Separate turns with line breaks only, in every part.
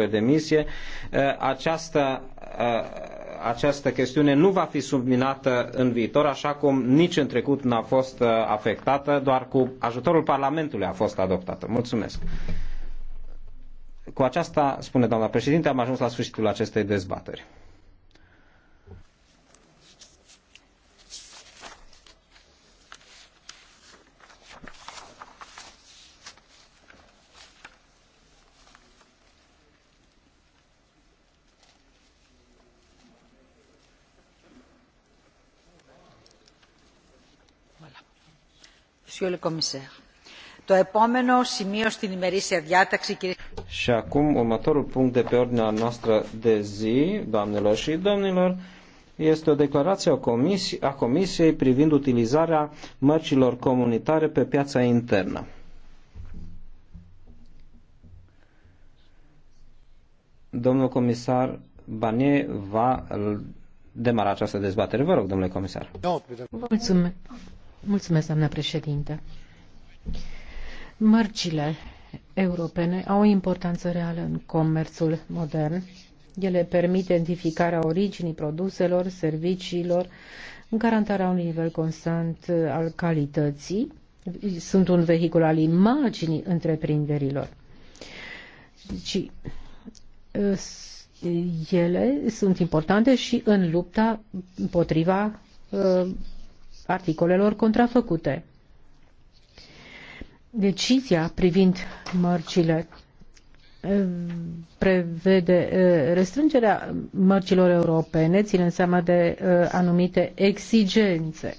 actelor de misie, uh, această, uh, această chestiune nu va fi subminată în viitor, așa cum nici în trecut n-a fost uh, afectată, doar cu ajutorul Parlamentului a fost adoptată. Mulțumesc. Cu aceasta, spune doamna președinte, am ajuns la sfârșitul acestei dezbateri. Și acum, următorul punct de pe ordinea noastră de zi, doamnelor și domnilor, este o declarație a, Comisiei privind utilizarea mărcilor comunitare pe piața internă. Domnul comisar Banie va demara această dezbatere. Vă rog, domnule comisar.
Mulțumesc. Mulțumesc, doamnă președinte. Mărcile europene au o importanță reală în comerțul modern. Ele permit identificarea originii produselor, serviciilor, în garantarea unui nivel constant al calității. Sunt un vehicul al imaginii întreprinderilor. Deci, ele sunt importante și în lupta împotriva uh, articolelor contrafăcute. Decizia privind mărcile eh, prevede eh, restrângerea mărcilor europene, ținând seama de eh, anumite exigențe.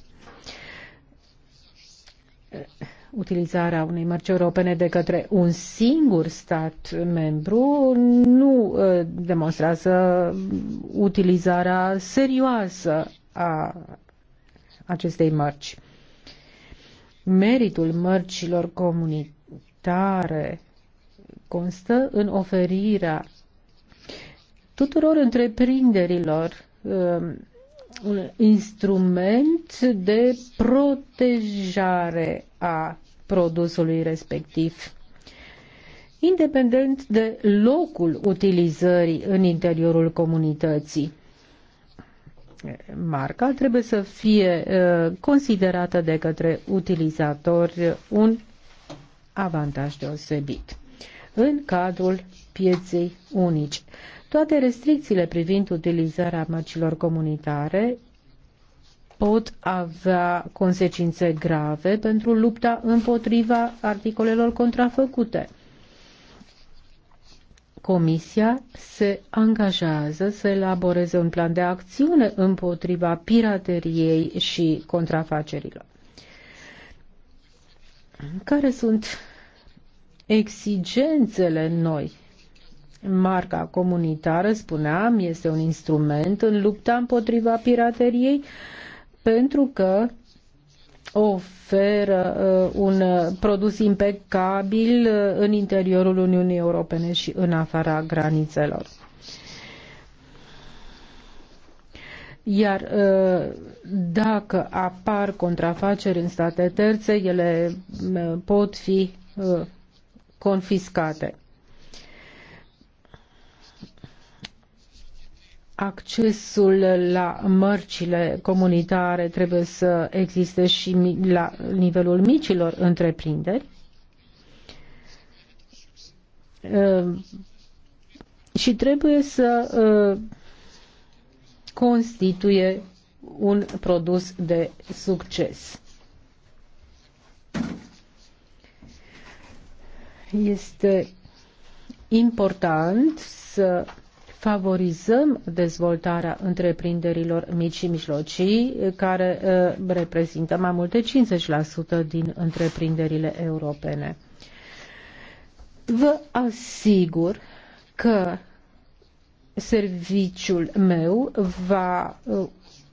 Utilizarea unei mărci europene de către un singur stat membru nu demonstrează utilizarea serioasă a acestei mărci. Meritul mărcilor comunitare constă în oferirea tuturor întreprinderilor um, un instrument de protejare a produsului respectiv, independent de locul utilizării în interiorul comunității marca trebuie să fie uh, considerată de către utilizatori un avantaj deosebit în cadrul pieței unici. Toate restricțiile privind utilizarea mărcilor comunitare pot avea consecințe grave pentru lupta împotriva articolelor contrafăcute. Comisia se angajează să elaboreze un plan de acțiune împotriva pirateriei și contrafacerilor. Care sunt exigențele noi? Marca comunitară, spuneam, este un instrument în lupta împotriva pirateriei pentru că oferă uh, un uh, produs impecabil uh, în interiorul Uniunii Europene și în afara granițelor. Iar dacă apar contrafaceri în state terțe, ele pot fi confiscate. accesul la mărcile comunitare trebuie să existe și la nivelul micilor întreprinderi. Ehm, și trebuie să ehm, constituie un produs de succes. Este important să favorizăm dezvoltarea întreprinderilor mici și mijlocii, care uh, reprezintă mai mult de 50% din întreprinderile europene. Vă asigur că serviciul meu va uh,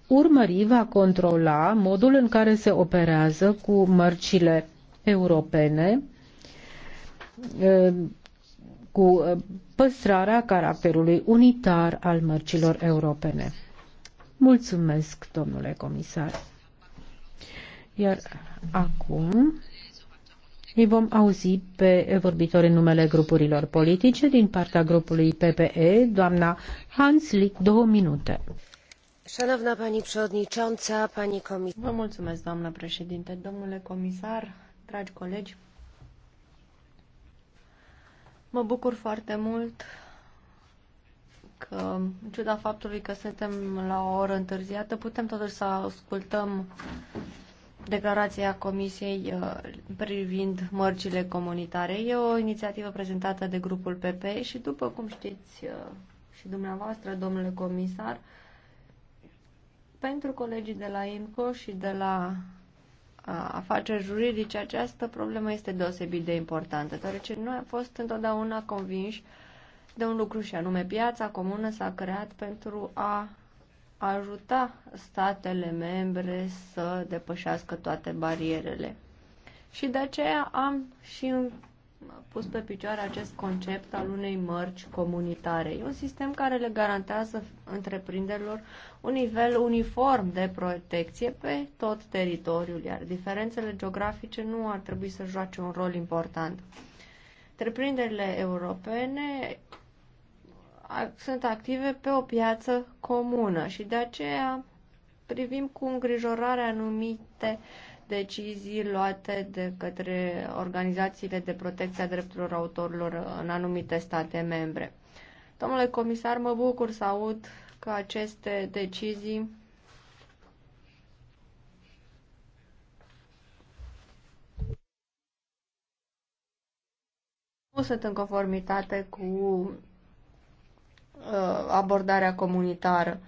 urmări, va controla modul în care se operează cu mărcile europene uh, cu uh, păstrarea caracterului unitar al mărcilor europene. Mulțumesc, domnule comisar. Iar acum îi vom auzi pe vorbitori în numele grupurilor politice din partea grupului PPE, doamna Hans Lick, două minute. Szanowna Pani
Przewodnicząca, Pani Komisarz. Vă mulțumesc, doamnă președinte, domnule comisar, dragi colegi. Mă bucur foarte mult că, în ciuda faptului că suntem la o oră întârziată, putem totuși să ascultăm declarația Comisiei uh, privind mărcile comunitare. E o inițiativă prezentată de grupul PP și, după cum știți uh, și dumneavoastră, domnule comisar, pentru colegii de la INCO și de la afaceri juridice, această problemă este deosebit de importantă, deoarece noi am fost întotdeauna convinși de un lucru și anume piața comună s-a creat pentru a ajuta statele membre să depășească toate barierele. Și de aceea am și pus pe picioare acest concept al unei mărci comunitare. E un sistem care le garantează întreprinderilor un nivel uniform de protecție pe tot teritoriul, iar diferențele geografice nu ar trebui să joace un rol important. Întreprinderile europene sunt active pe o piață comună și de aceea privim cu îngrijorare anumite uh, decizii luate de către organizațiile de protecție a drepturilor autorilor în anumite state membre. Domnule comisar, mă bucur să aud că aceste decizii nu sunt în conformitate cu uh, abordarea comunitară.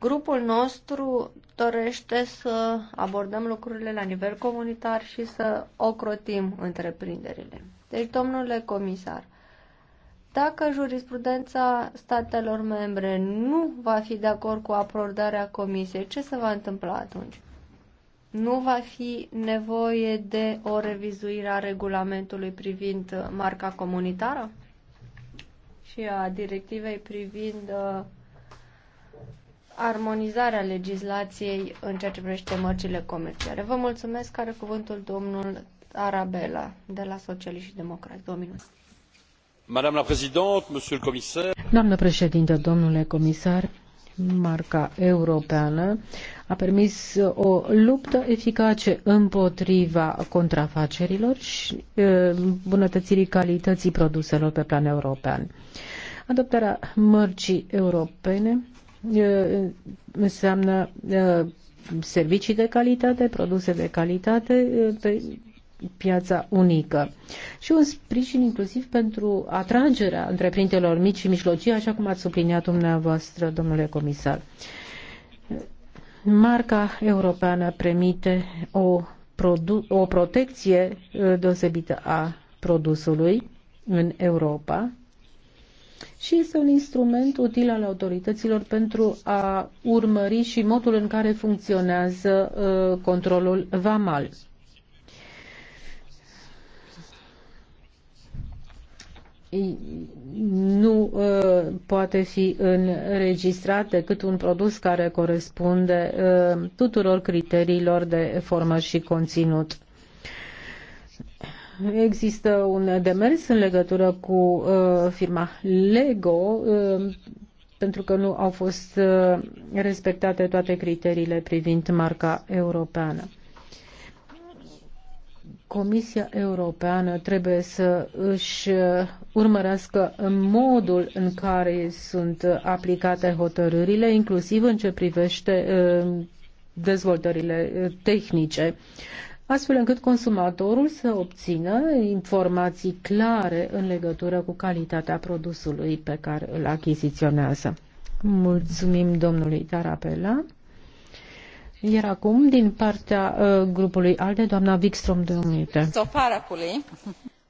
Grupul nostru dorește să abordăm lucrurile la nivel comunitar și să ocrotim întreprinderile. Deci, domnule comisar, dacă jurisprudența statelor membre nu va fi de acord cu abordarea comisiei, ce se va întâmpla atunci? Nu va fi nevoie de o revizuire a regulamentului privind marca comunitară și a directivei privind uh, armonizarea legislației în ceea ce privește mărcile comerciale. Vă mulțumesc. Care cuvântul domnul Arabella de la Socialiști și Democrați. Două minute.
Madame la Présidente, Monsieur le Commissaire. Doamnă președinte, domnule comisar, marca europeană a permis o luptă eficace împotriva contrafacerilor și îmbunătățirii calității produselor pe plan european. Adoptarea mărcii europene înseamnă servicii de calitate, produse de calitate pe piața unică și un sprijin inclusiv pentru atragerea întreprinderilor mici și mijlocii, așa cum ați subliniat dumneavoastră, domnule comisar. Marca europeană permite o, o protecție deosebită a produsului în Europa și este un instrument util al autorităților pentru a urmări și modul în care funcționează uh, controlul vamal. nu uh, poate fi înregistrat decât un produs care corespunde uh, tuturor criteriilor de formă și conținut există un demers în legătură cu uh, firma Lego uh, pentru că nu au fost uh, respectate toate criteriile privind marca europeană. Comisia Europeană trebuie să își uh, urmărească modul în care sunt aplicate hotărârile, inclusiv în ce privește uh, dezvoltările uh, tehnice astfel încât consumatorul să obțină informații clare în legătură cu calitatea produsului pe care îl achiziționează. Mulțumim domnului Tarapela. Iar acum, din partea uh, grupului ALDE, doamna Wikström de Unite.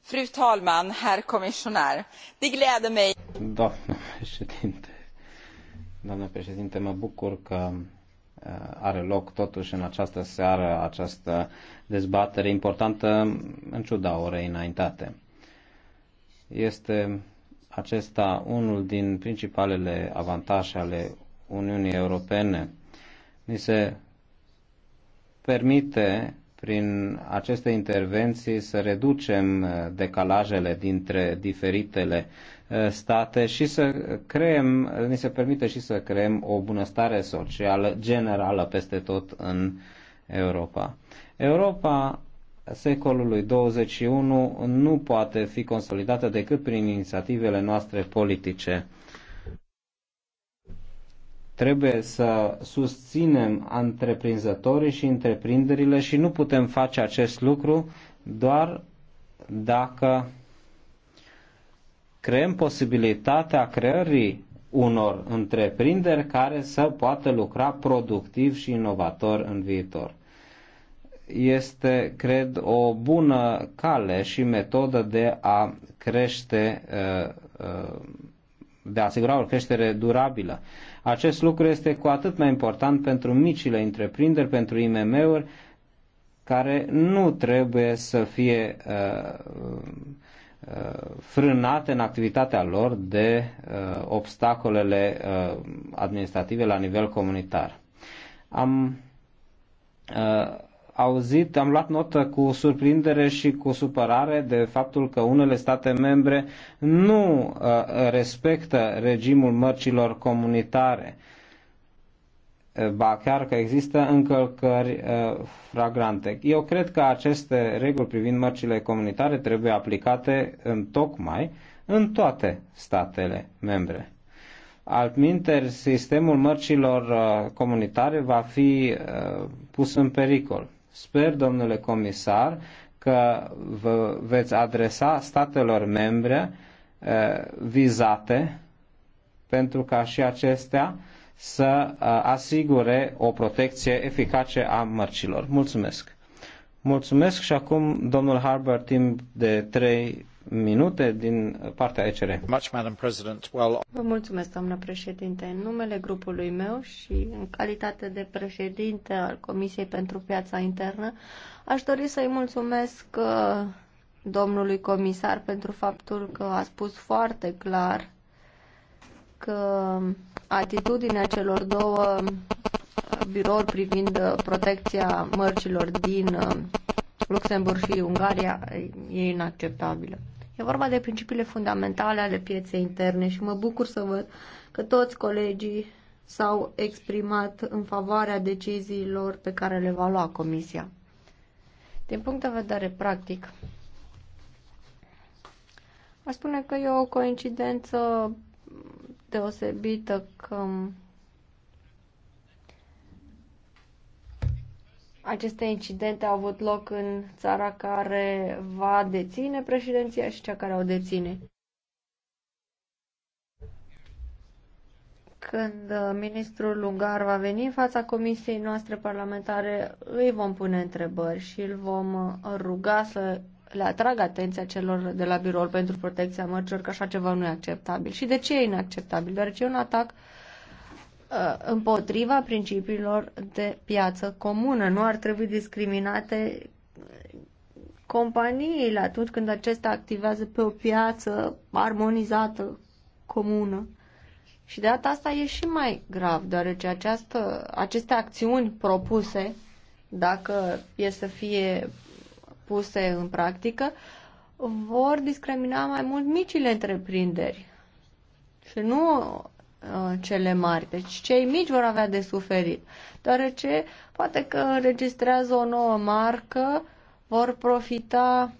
Fru talman, herr kommissionär, det gläder mig.
Doamna președinte, doamna președinte, mă bucur că Uh, are loc totuși în această seară această dezbatere importantă în ciuda orei înaintate. Este acesta unul din principalele avantaje ale Uniunii Europene. Ni se permite prin aceste intervenții să reducem uh, decalajele dintre diferitele uh, state și să creăm, ni se permite și să creăm o bunăstare socială generală peste tot în Europa. Europa secolului 21 nu poate fi consolidată decât prin inițiativele noastre politice. Trebuie să susținem antreprinzătorii și întreprinderile și nu putem face acest lucru doar dacă creăm posibilitatea creării unor întreprinderi care să poată lucra productiv și inovator în viitor. Este, cred, o bună cale și metodă de a crește uh, uh, de a asigura o creștere durabilă. Acest lucru este cu atât mai important pentru micile întreprinderi, pentru IMM-uri, care nu trebuie să fie uh, uh, frânate în activitatea lor de uh, obstacolele uh, administrative la nivel comunitar. Am uh, auzit, am luat notă cu surprindere și cu supărare de faptul că unele state membre nu uh, respectă regimul mărcilor comunitare. Uh, ba chiar că există încălcări uh, fragrante. Eu cred că aceste reguli privind mărcile comunitare trebuie aplicate în tocmai în toate statele membre. Altminteri, sistemul mărcilor comunitare va fi pus în pericol. Sper, domnule comisar, că vă veți adresa statelor membre eh, vizate pentru ca și acestea să eh, asigure o protecție eficace a mărcilor. Mulțumesc! Mulțumesc și acum domnul Harbour timp de 3 minute din partea ECR.
Vă mulțumesc, doamnă președinte. În numele grupului meu și în calitate de președinte al Comisiei pentru Piața Internă, aș dori să-i mulțumesc uh, domnului comisar pentru faptul că a spus foarte clar că atitudinea celor două uh, birouri privind uh, protecția mărcilor din Luxemburg și Ungaria e inacceptabilă. E vorba de principiile fundamentale ale pieței interne și mă bucur să văd că toți colegii s-au exprimat în favoarea deciziilor pe care le va lua Comisia. Din punct de vedere practic, aș spune că e o coincidență deosebită că Aceste incidente au avut loc în țara care va deține președinția și cea care o deține. Când uh, ministrul Lungar va veni în fața comisiei noastre parlamentare, îi vom pune întrebări și îl vom uh, ruga să le atragă atenția celor de la biroul pentru protecția mărcilor că așa ceva nu e acceptabil. Și de ce e inacceptabil? Deoarece e un atac uh, Uh, împotriva principiilor de piață comună. Nu ar trebui discriminate companiile atunci când acestea activează pe o piață armonizată, comună. Și de data asta e și mai grav, deoarece această, aceste acțiuni propuse, dacă e să fie puse în practică, vor discrimina mai mult micile întreprinderi. Și nu Uh, cele mari. Deci cei mici vor avea de suferit, deoarece poate că înregistrează o nouă marcă, vor profita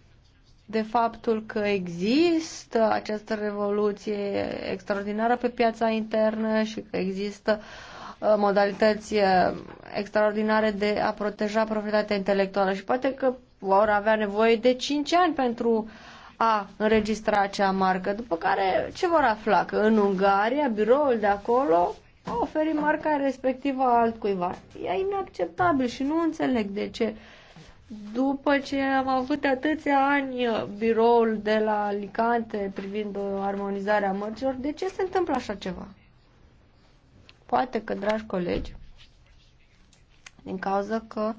de faptul că există această revoluție extraordinară pe piața internă și că există uh, modalități uh, extraordinare de a proteja proprietatea intelectuală și poate că vor avea nevoie de 5 ani pentru uh, a înregistra acea marcă, după care ce vor afla? Că în Ungaria, biroul de acolo a oferit marca respectivă a altcuiva. E inacceptabil și nu înțeleg de ce. După ce am avut atâția ani uh, biroul de la Alicante privind uh, armonizarea mărcilor, de ce se întâmplă așa ceva? Poate că, dragi colegi, din cauza că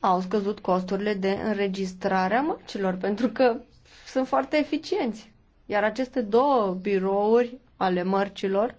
au scăzut costurile de înregistrare a mărcilor, pentru că sunt foarte eficienți. Iar aceste două birouri ale mărcilor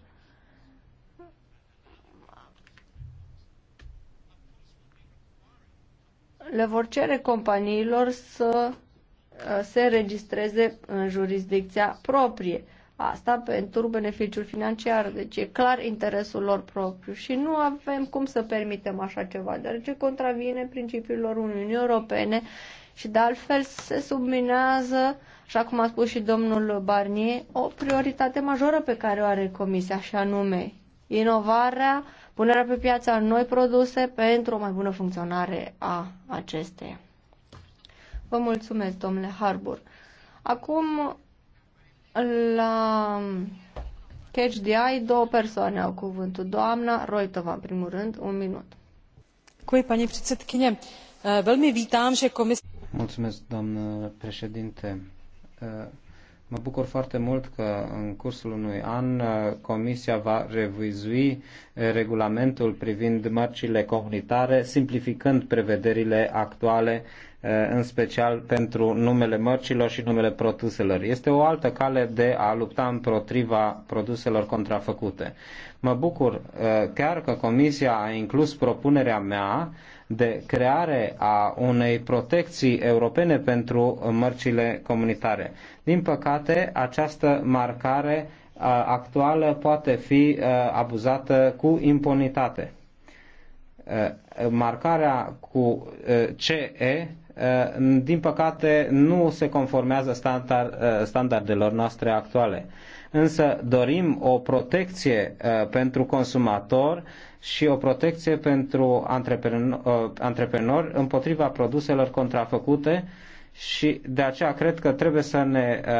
le vor cere companiilor să uh, se registreze în jurisdicția proprie. Asta pentru beneficiul financiar, deci e clar interesul lor propriu și nu avem cum să permitem așa ceva, deoarece contravine principiilor Uniunii Europene și de altfel se subminează, așa cum a spus și domnul Barnier, o prioritate majoră pe care o are Comisia, și anume inovarea, punerea pe piață a noi produse pentru o mai bună funcționare a acesteia. Vă mulțumesc, domnule Harbour. Acum, la Catch the Eye, două persoane au cuvântul. Doamna Roitova, în primul rând, un minut.
Cui, paní předsedkyně. Eh, velmi vítám, že komise...
Mulțumesc, doamnă președinte. Uh, mă bucur foarte mult că în cursul unui an uh, Comisia va revizui uh, regulamentul privind mărcile comunitare, simplificând prevederile actuale, în special pentru numele mărcilor și numele produselor. Este o altă cale de a lupta împotriva produselor contrafăcute. Mă bucur chiar că Comisia a inclus propunerea mea de creare a unei protecții europene pentru mărcile comunitare. Din păcate, această marcare uh, actuală poate fi uh, abuzată cu impunitate. Uh, marcarea cu CE Uh, din păcate, nu se conformează standard, uh, standardelor noastre actuale. Însă dorim o protecție uh, pentru consumator și o protecție pentru antreprenori împotriva produselor contrafăcute și de aceea cred că trebuie să ne uh,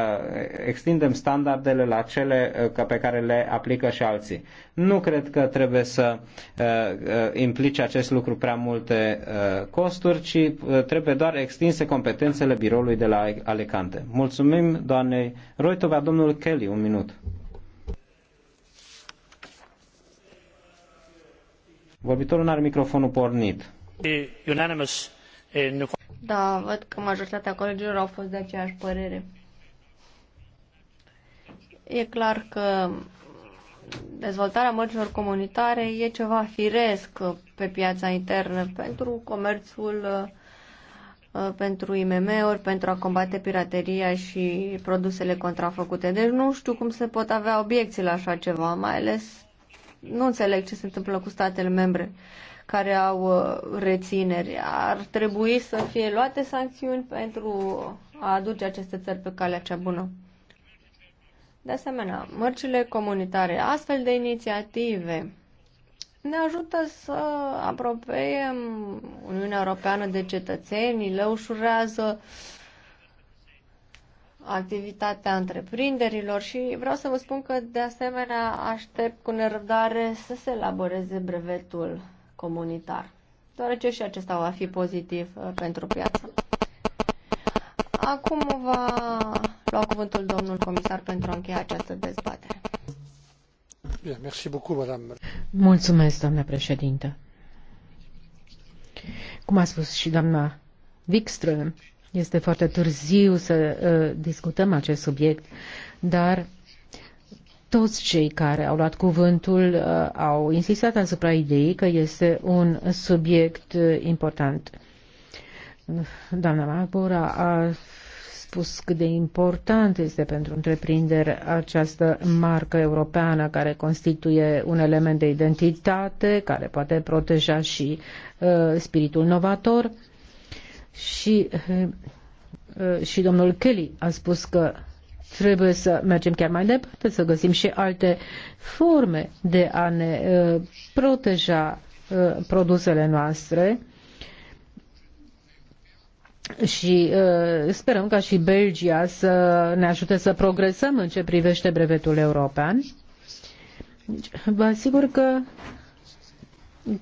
extindem standardele la cele uh, pe care le aplică și alții. Nu cred că trebuie să uh, implice acest lucru prea multe costuri, ci trebuie doar extinse competențele biroului de la Alicante. Mulțumim doamnei Roitova, domnul Kelly, un minut. Vorbitorul nu are microfonul pornit.
Unanimous in eh, da, văd că majoritatea colegilor au fost de aceeași părere. E clar că dezvoltarea mărcilor comunitare e ceva firesc pe piața internă pentru comerțul, uh, pentru IMM-uri, pentru a combate pirateria și produsele contrafăcute. Deci nu știu cum se pot avea obiecții la așa ceva, mai ales nu înțeleg ce se întâmplă cu statele membre care au uh, rețineri. Ar trebui să fie luate sancțiuni pentru a aduce aceste țări pe calea cea bună. De asemenea, mărcile comunitare, astfel de inițiative ne ajută să apropiem Uniunea Europeană de cetățenii, le ușurează activitatea întreprinderilor și vreau să vă spun că de asemenea aștept cu nerăbdare să se elaboreze brevetul comunitar, deoarece și acesta va fi pozitiv uh, pentru piață. Acum va lua cuvântul domnul comisar pentru a încheia această dezbatere.
Mulțumesc, doamna președintă. Cum a spus și doamna Wikström, este foarte târziu să uh, discutăm acest subiect, dar toți cei care au luat cuvântul uh, au insistat asupra ideii că este un subiect uh, important. Doamna Marbora a spus cât de important este pentru întreprinderi această marcă europeană care constituie un element de identitate, care poate proteja și uh, spiritul novator. Și, uh, uh și domnul Kelly a spus că trebuie să mergem chiar mai departe, să găsim și alte forme de a ne uh, proteja uh, produsele noastre și uh, sperăm ca și Belgia să ne ajute să progresăm în ce privește brevetul european. Deci, vă asigur că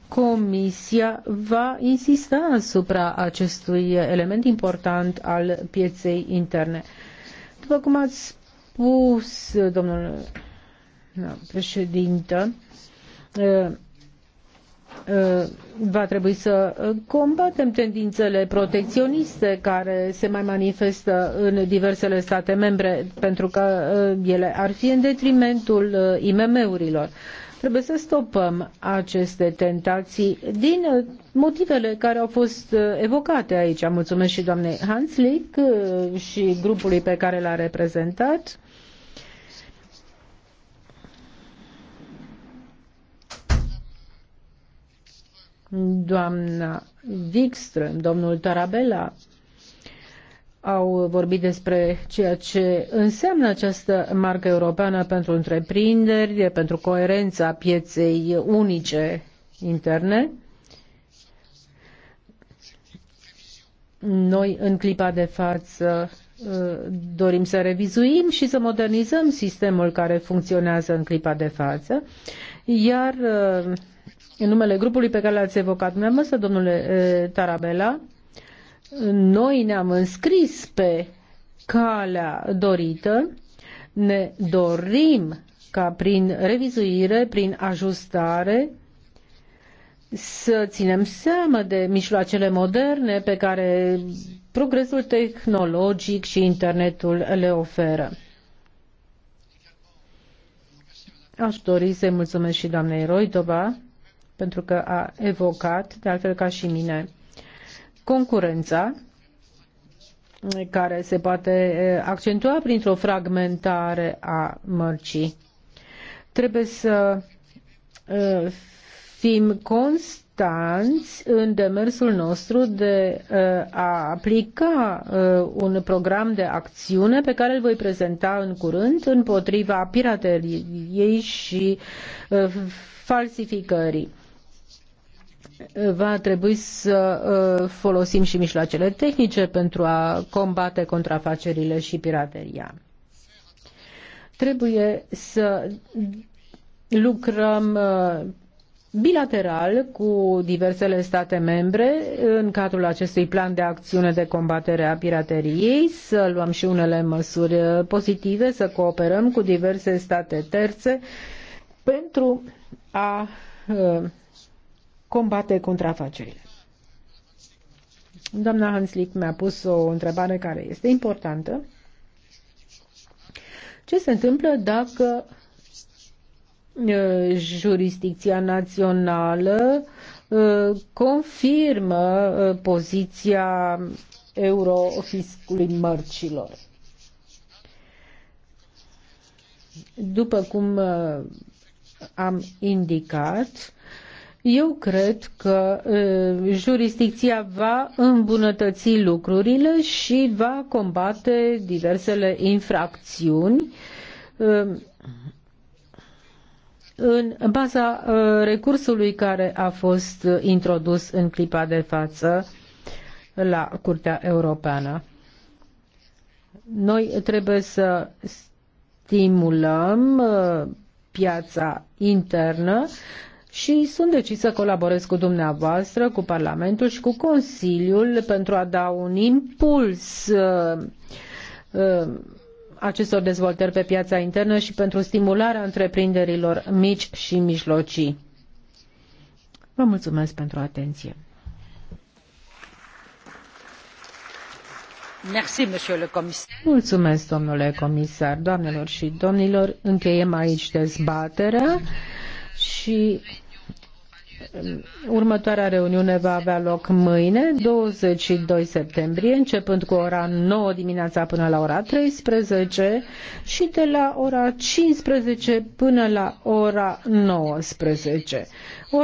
Comisia va insista asupra acestui element important al pieței interne. După cum ați spus, domnul președinte, va trebui să combatem tendințele protecționiste care se mai manifestă în diversele state membre, pentru că ele ar fi în detrimentul IMM-urilor. Trebuie să stopăm aceste tentații din uh, motivele care au fost uh, evocate aici. Mulțumesc și doamnei Hanslick uh, și grupului pe care l-a reprezentat. Doamna Wikström, domnul Tarabella, au vorbit despre ceea ce înseamnă această marcă europeană pentru întreprinderi, pentru coerența pieței unice interne. Noi, în clipa de față, uh, dorim să revizuim și să modernizăm sistemul care funcționează în clipa de față, iar uh, în numele grupului pe care l-ați evocat dumneavoastră, domnule uh, Tarabela, noi ne-am înscris pe calea dorită, ne dorim ca prin revizuire, prin ajustare, să ținem seama de mijloacele moderne pe care progresul tehnologic și internetul le oferă. Aș dori să-i mulțumesc și doamnei Roitova pentru că a evocat, de altfel ca și mine, concurența care se poate accentua printr-o fragmentare a mărcii. Trebuie să fim constanți în demersul nostru de a aplica un program de acțiune pe care îl voi prezenta în curând împotriva pirateriei și falsificării va trebui să uh, folosim și mijloacele tehnice pentru a combate contrafacerile și pirateria. Trebuie să lucrăm uh, bilateral cu diversele state membre în cadrul acestui plan de acțiune de combatere a pirateriei, să luăm și unele măsuri uh, pozitive, să cooperăm cu diverse state terțe pentru a combate contrafacerile. Doamna Hanslick mi-a pus o întrebare care este importantă. Ce se întâmplă dacă jurisdicția națională confirmă poziția eurofiscului mărcilor. După cum am indicat, eu cred că jurisdicția va îmbunătăți lucrurile și va combate diversele infracțiuni în baza recursului care a fost introdus în clipa de față la Curtea Europeană. Noi trebuie să stimulăm piața internă și sunt decis să colaborez cu dumneavoastră, cu Parlamentul și cu Consiliul pentru a da un impuls uh, uh, acestor dezvoltări pe piața internă și pentru stimularea întreprinderilor mici și mijlocii. Vă mulțumesc pentru atenție. Mulțumesc, domnule comisar, doamnelor și domnilor. Încheiem aici dezbaterea și Următoarea reuniune va avea loc mâine, 22 septembrie, începând cu ora 9 dimineața până la ora 13 și de la ora 15 până la ora 19.